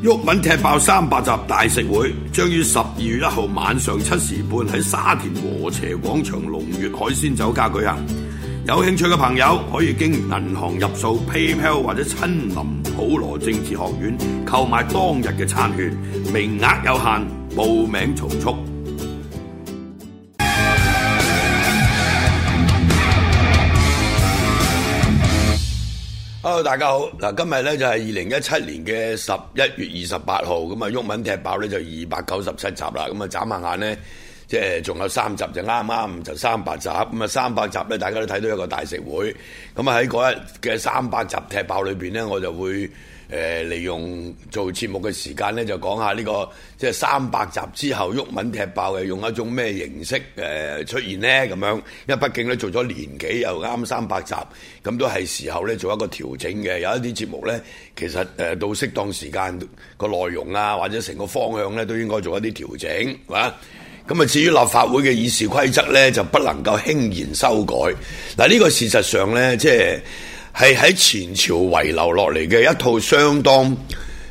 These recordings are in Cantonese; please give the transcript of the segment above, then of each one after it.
毓民踢爆三百集大食會，將於十二月一號晚上七時半喺沙田和斜廣場龍悅海鮮酒家舉行。有興趣嘅朋友可以經銀行入數 PayPal 或者親臨普羅政治學院購買當日嘅餐券，名額有限，報名從速。大家好，嗱，今日咧就係二零一七年嘅十一月二十八號，咁啊，毓民踢爆咧就二百九十七集啦，咁啊，眨下眼咧。即係仲有三集就啱啱就三百集咁啊！三百集咧，大家都睇到一個大食會。咁啊喺嗰日嘅三百集踢爆裏邊咧，我就會誒利用做節目嘅時間咧，就講下呢個即係三百集之後毓民踢爆嘅用一種咩形式誒出現咧咁樣。因為畢竟咧做咗年幾又啱三百集，咁都係時候咧做一個調整嘅。有一啲節目咧，其實誒到適當時間個內容啊，或者成個方向咧，都應該做一啲調整，係嘛？咁啊，至於立法會嘅議事規則呢，就不能夠輕言修改。嗱，呢個事實上呢，即係係喺前朝遺留落嚟嘅一套相當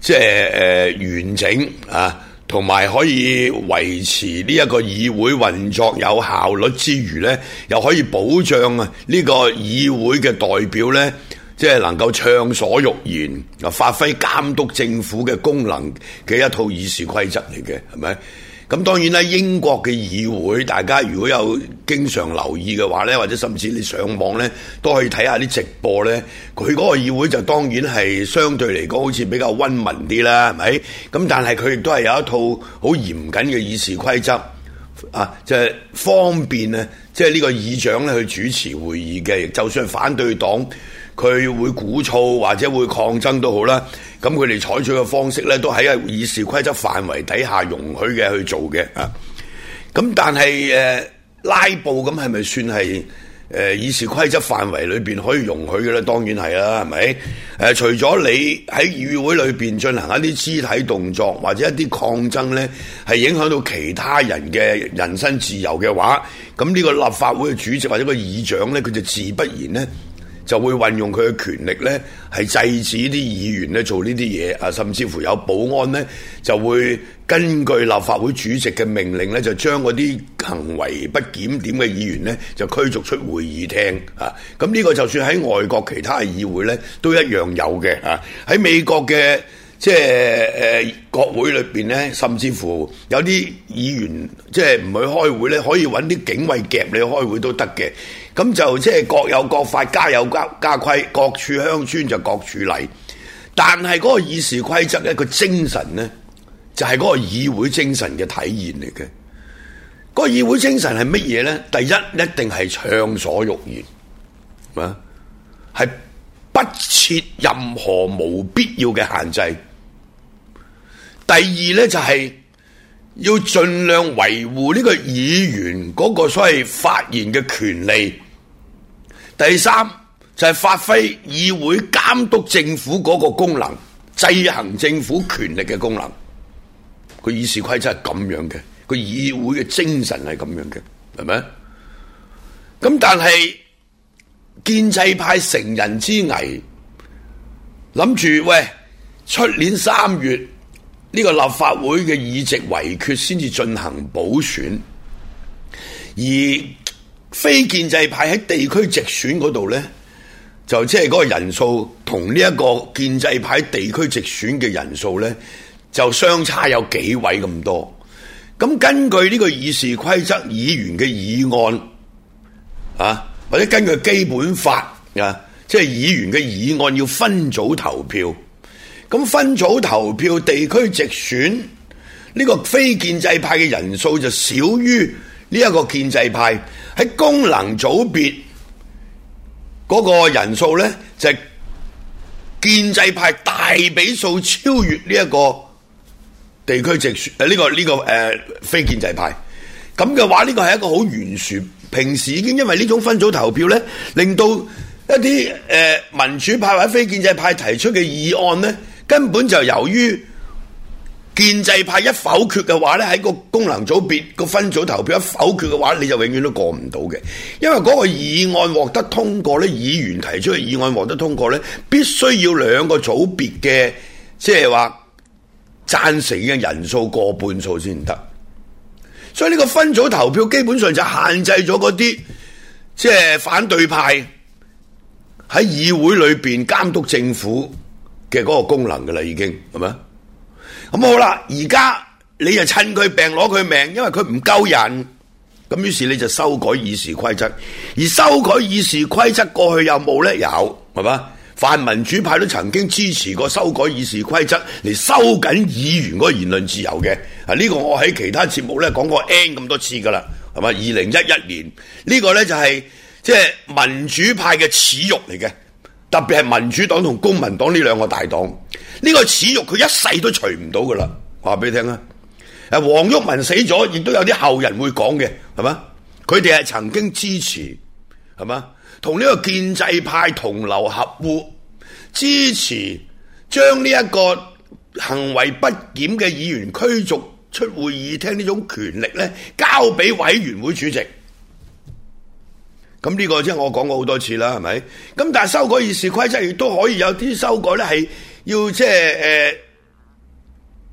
即係、呃、完整啊，同埋可以維持呢一個議會運作有效率之餘呢，又可以保障啊呢個議會嘅代表呢，即係能夠暢所欲言啊，發揮監督政府嘅功能嘅一套議事規則嚟嘅，係咪？咁當然啦，英國嘅議會，大家如果有經常留意嘅話呢，或者甚至你上網呢，都可以睇下啲直播呢。佢嗰個議會就當然係相對嚟講好似比較溫文啲啦，係咪？咁但係佢亦都係有一套好嚴謹嘅議事規則啊，就係方便呢，即係呢個議長咧去主持會議嘅，就算反對黨，佢會鼓噪或者會抗爭都好啦，咁佢哋採取嘅方式呢，都喺啊議事規則範圍底下容許嘅去做嘅啊。咁但係誒、呃、拉布咁係咪算係誒、呃、議事規則範圍裏邊可以容許嘅咧？當然係啦、啊，係咪？誒、啊、除咗你喺議會裏邊進行一啲肢體動作或者一啲抗爭呢，係影響到其他人嘅人身自由嘅話，咁呢個立法會嘅主席或者個議長呢，佢就自不然呢。就會運用佢嘅權力呢，係制止啲議員呢做呢啲嘢啊，甚至乎有保安呢就會根據立法會主席嘅命令呢就將嗰啲行為不檢點嘅議員呢就驅逐出會議廳啊。咁呢個就算喺外國其他嘅議會呢都一樣有嘅啊。喺美國嘅。即係誒、呃，國會裏邊咧，甚至乎有啲議員即係唔去開會咧，可以揾啲警衛夾你去開會都得嘅。咁就即係各有各法，家有家家規，各處鄉村就各處例。但係嗰個議事規則咧，個精神咧，就係、是、嗰個議會精神嘅體現嚟嘅。那個議會精神係乜嘢咧？第一，一定係暢所欲言，係不設任何無必要嘅限制。第二呢，就係要盡量維護呢個議員嗰個所謂發言嘅權利。第三就係發揮議會監督政府嗰個功能，制衡政府權力嘅功能。個議事規則係咁樣嘅，個議會嘅精神係咁樣嘅，係咪？咁但係建制派成人之危，諗住喂，出年三月。呢個立法會嘅議席維決先至進行補選，而非建制派喺地區直選嗰度咧，就即係嗰個人數同呢一個建制派地區直選嘅人數咧，就相差有幾位咁多。咁根據呢個議事規則，議員嘅議案啊，或者根據基本法啊，即係議員嘅議案要分組投票。咁分組投票，地區直選呢、呢個非建制派嘅人數就少於呢一個建制派喺功能組別嗰個人數咧，就係、建制派大比數超越呢一個地區直選誒呢、呢個呢、呢個誒、呃、非建制派。咁嘅話，呢個係一個好懸殊。平時已經因為呢種分組投票咧，令到一啲誒、呃、民主派或者非建制派提出嘅議案咧。根本就由於建制派一否決嘅話呢，喺個功能組別個分組投票一否決嘅話，你就永遠都過唔到嘅。因為嗰個議案獲得通過呢，議員提出嘅議案獲得通過呢，必須要兩個組別嘅，即係話贊成嘅人數過半數先得。所以呢個分組投票基本上就限制咗嗰啲即係反對派喺議會裏邊監督政府。嘅嗰個功能㗎啦，已經係咪啊？咁、嗯、好啦，而家你就趁佢病攞佢命，因為佢唔夠人，咁於是你就修改議事規則，而修改議事規則過去有冇咧？有，係咪啊？泛民主派都曾經支持過修改議事規則，嚟收緊議員嗰個言論自由嘅。啊，呢、呢個我喺其他節目咧講過 N 咁多次㗎啦，係嘛？二零一一年、呢個、呢個咧就係即係民主派嘅恥辱嚟嘅。特別係民主黨同公民黨呢兩個大黨，呢個恥辱佢一世都除唔到噶啦，話俾你聽啊！誒，黃毓民死咗，亦都有啲後人會講嘅，係嘛？佢哋係曾經支持，係嘛？同呢個建制派同流合污，支持將呢一個行為不檢嘅議員驅逐出會議廳呢種權力咧，交俾委員會主席。咁呢個即係我講過好多次啦，係咪？咁但係修改議事規則亦都可以有啲修改咧，係要即係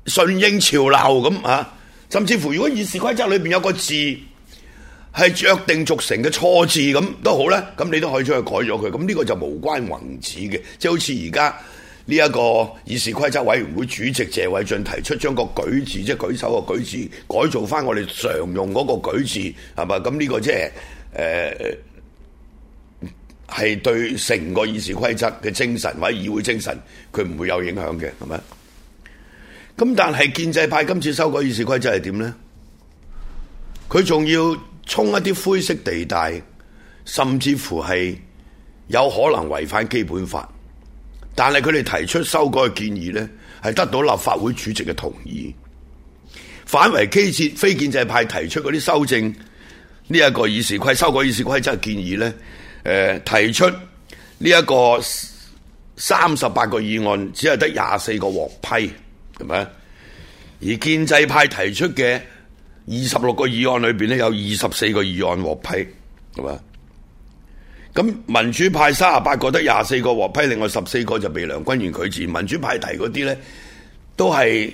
誒順應潮流咁啊！甚至乎如果議事規則裏邊有個字係約定俗成嘅錯字咁，都好咧。咁你都可以將去改咗佢。咁呢個就無關宏旨嘅，即係好似而家呢一個議事規則委員會主席謝偉俊提出將個舉字即係舉手個舉字改造翻我哋常用嗰個舉字係咪？咁呢個即係誒。係對成個議事規則嘅精神或者議會精神，佢唔會有影響嘅，係咪？咁但係建制派今次修改議事規則係點呢？佢仲要衝一啲灰色地帶，甚至乎係有可能違反基本法。但係佢哋提出修改嘅建議呢，係得到立法會主席嘅同意。反為基非建制派提出嗰啲修正呢一個議事規修改議事規則嘅建議呢，誒，提出呢一個三十八個議案，只係得廿四個獲批，係咪？而建制派提出嘅二十六個議案裏邊咧，有二十四個議案獲批，係嘛？咁民主派三十八個得廿四個獲批，另外十四個就被梁君彥拒絕。民主派提嗰啲咧，都係。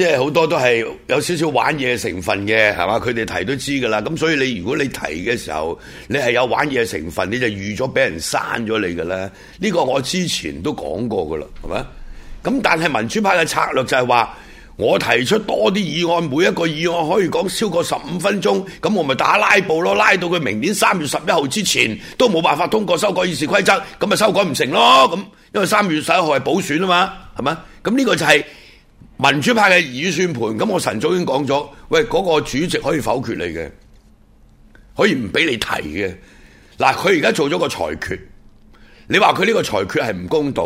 即係好多都係有少少玩嘢成分嘅，係嘛？佢哋提都知噶啦。咁所以你如果你提嘅時候，你係有玩嘢成分，你就預咗俾人刪咗你噶啦。呢個我之前都講過噶啦，係咪？咁但係民主派嘅策略就係話，我提出多啲議案，每一個議案可以講超過十五分鐘，咁我咪打拉布咯，拉到佢明年三月十一號之前都冇辦法通過修改議事規則，咁咪修改唔成咯。咁因為三月十一號係補選啊嘛，係咪？咁呢個就係。民主派嘅如意算盤，咁我晨早已經講咗，喂嗰、嗰個主席可以否決你嘅，可以唔俾你提嘅。嗱，佢而家做咗個裁決，你話佢呢個裁決係唔公道，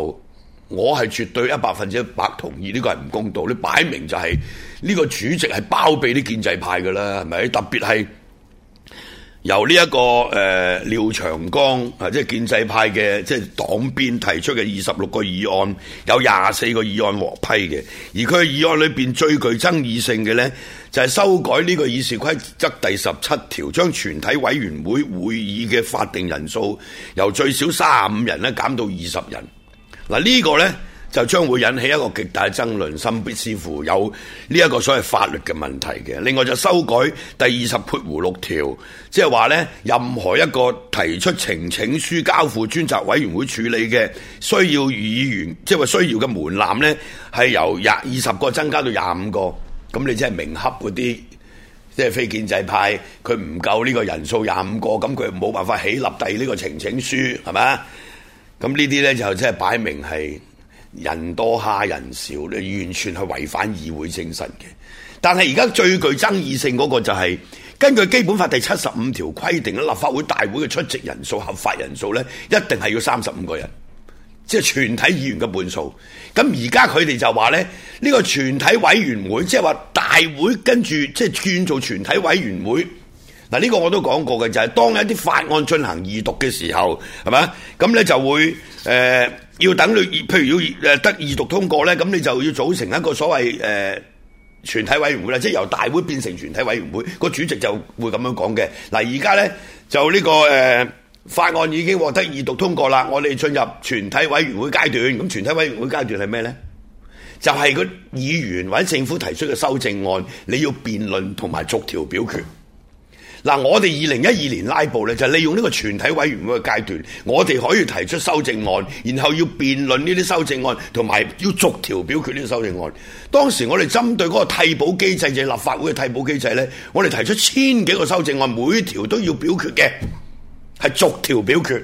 我係絕對一百分之一百同意呢個係唔公道，你擺明就係、係、呢、呢個主席係包庇啲建制派噶啦，係咪？特別係。由呢、這、一個誒、呃、廖長江啊，即建制派嘅即係黨鞭提出嘅二十六個議案，有廿四個議案獲批嘅，而佢嘅議案裏邊最具爭議性嘅咧，就係、是、修改呢個議事規則第十七條，將全體委員會會議嘅法定人數由最少三十五人咧減到二十人。嗱、這個、呢個咧。就將會引起一個極大爭論，甚至乎有呢一個所謂法律嘅問題嘅。另外就修改第二十括弧六條，即係話呢：「任何一個提出呈請書交付專責委員會處理嘅，需要議員即係話需要嘅門檻呢，係由廿二十個增加到廿五個。咁你真係明洽嗰啲，即係非建制派，佢唔夠呢個人數廿五個，咁佢冇辦法起立遞呢個呈請書，係咪啊？咁呢啲呢，就即係擺明係。人多蝦人少，你完全係違反議會精神嘅。但係而家最具爭議性嗰個就係、是、根據基本法第七十五條規定，立法會大會嘅出席人數、合法人數咧，一定係要三十五個人，即係全體議員嘅半數。咁而家佢哋就話咧，呢、這個全體委員會，即係話大會跟住即係轉做全體委員會。嗱，呢個我都講過嘅，就係、是、當一啲法案進行二讀嘅時候，係嘛？咁咧就會誒。呃要等你，譬如要誒得二讀通過咧，咁你就要組成一個所謂誒、呃、全體委員會啦，即係由大會變成全體委員會，個主席就會咁樣講嘅。嗱，而家咧就呢、這個誒、呃、法案已經獲得二讀通過啦，我哋進入全體委員會階段。咁全體委員會階段係咩咧？就係、是、個議員或者政府提出嘅修正案，你要辯論同埋逐條表決。嗱，我哋二零一二年拉布咧，就利用呢個全體委員會嘅階段，我哋可以提出修正案，然後要辯論呢啲修正案，同埋要逐條表決呢啲修正案。當時我哋針對嗰個替補機制，就係立法會嘅替補機制呢，我哋提出千幾個修正案，每條都要表決嘅，係逐條表決。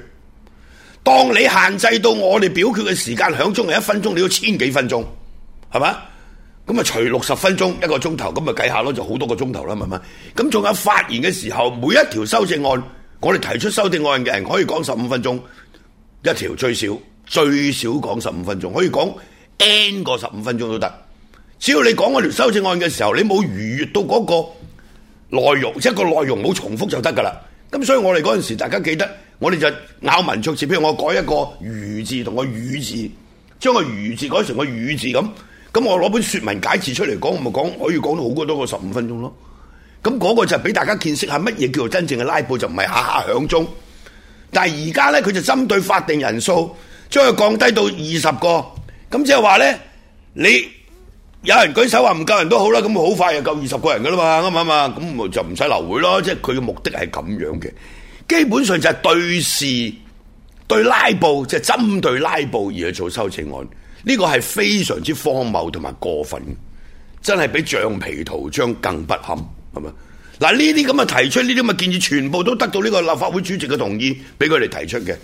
當你限制到我哋表決嘅時間響鐘係一分鐘，你要千幾分鐘，係咪？咁啊，除六十分鐘，一個鐘頭，咁咪計下咯，就好多個鐘頭啦，咪咪。咁仲有發言嘅時候，每一條修正案，我哋提出修正案嘅人可以講十五分鐘，一條最少最少講十五分鐘，可以講 n 個十五分鐘都得。只要你講嗰條修正案嘅時候，你冇逾越到嗰個內容，即係個內容冇重複就得噶啦。咁所以我哋嗰陣時，大家記得，我哋就咬文嚼字，譬如我改一個魚字同個語字，將個魚字改成個語字咁。咁我攞本説文解字出嚟講，我咪講可以講到好過多個十五分鐘咯。咁嗰個就俾大家見識下乜嘢叫做真正嘅拉布，就唔係下下響鐘。但係而家咧，佢就針對法定人數將佢降低到二十個。咁即係話咧，你有人舉手話唔夠人都好啦，咁好快就夠二十個人噶啦嘛，啱唔啱啊？咁咪就唔使留會咯。即係佢嘅目的係咁樣嘅。基本上就係對事對拉布，就係針對拉布而去做修正案。呢個係非常之荒謬同埋過分，真係比橡皮圖章更不堪，係咪？嗱呢啲咁嘅提出，呢啲咁嘅建議，全部都得到呢個立法會主席嘅同意，俾佢哋提出嘅。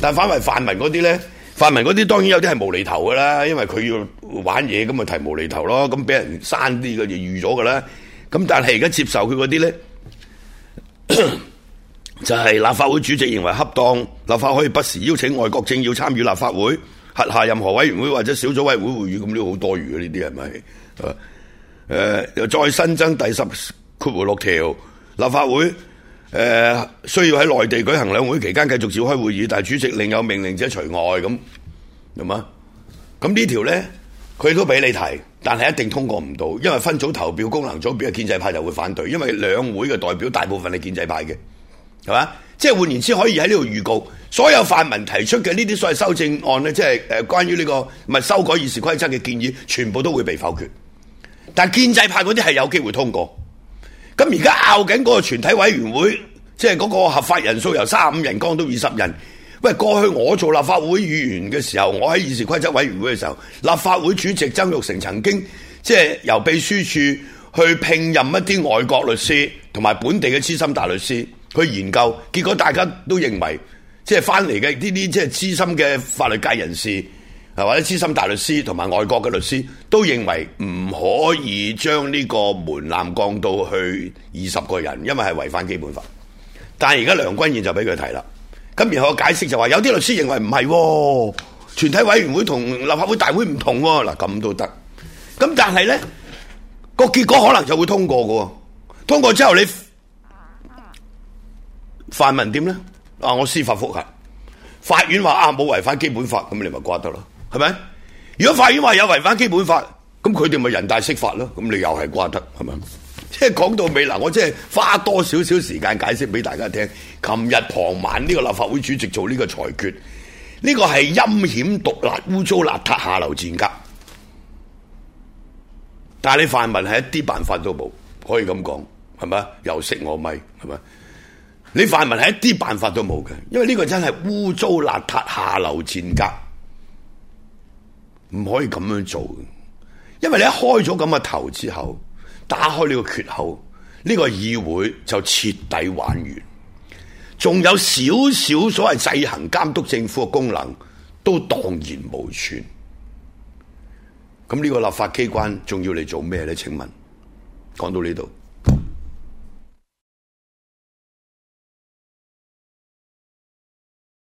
但反為泛民嗰啲咧，泛民嗰啲當然有啲係無厘頭噶啦，因為佢要玩嘢，咁咪提無厘頭咯，咁俾人刪啲嘅就預咗噶啦。咁但係而家接受佢嗰啲咧，就係立法會主席認為恰當，立法可以不時邀請外國政要參與立法會。轄下任何委員會或者小組委員會會議，咁都好多餘嘅呢啲係咪？誒、又、呃、再新增第十括弧六條，立法會誒、呃、需要喺內地舉行兩會期間繼續召開會議，但係主席另有命令者除外，咁係嘛？咁呢條咧，佢都俾你提，但係一定通過唔到，因為分組投票功能組別建制派就會反對，因為兩會嘅代表大部分係建制派嘅，係嘛？即係換言之，可以喺呢度預告，所有泛民提出嘅呢啲所謂修正案咧，即係誒關於呢個唔係修改議事規則嘅建議，全部都會被否決。但建制派嗰啲係有機會通過。咁而家拗緊嗰個全體委員會，即係嗰個合法人數由三十五人降到二十人。喂，過去我做立法會議員嘅時候，我喺議事規則委員會嘅時候，立法會主席曾鈺成曾經即係由秘書處去聘任一啲外國律師同埋本地嘅資深大律師。去研究，結果大家都認為，即係翻嚟嘅呢啲即係資深嘅法律界人士，係或者資深大律師同埋外國嘅律師，都認為唔可以將呢個門檻降到去二十個人，因為係違反基本法。但係而家梁君彥就俾佢提啦，咁然後解釋就話，有啲律師認為唔係，全體委員會同立法會大會唔同嗱，咁都得。咁但係呢個結果可能就會通過嘅，通過之後你。泛民點咧？啊，我司法覆核，法院話啊冇違反基本法，咁你咪瓜得咯，係咪？如果法院話有違反基本法，咁佢哋咪人大釋法咯，咁你又係瓜得，係咪？即係講到尾嗱，啊，我即係花多少少時間解釋俾大家聽，琴日傍晚呢個立法會主席做呢個裁決，呢、呢個係陰險、毒辣、污糟、邋遢、下流、賤格。但係你泛民係一啲辦法都冇，可以咁講，係咪？又識我咪，係咪？你泛民係一啲辦法都冇嘅，因為呢個真係污糟邋遢、下流賤格，唔可以咁樣做嘅。因為你一開咗咁嘅頭之後，打開呢個缺口，呢個議會就徹底玩完，仲有少少所謂制衡監督政府嘅功能都蕩然無存。咁呢個立法機關仲要嚟做咩咧？請問，講到呢度。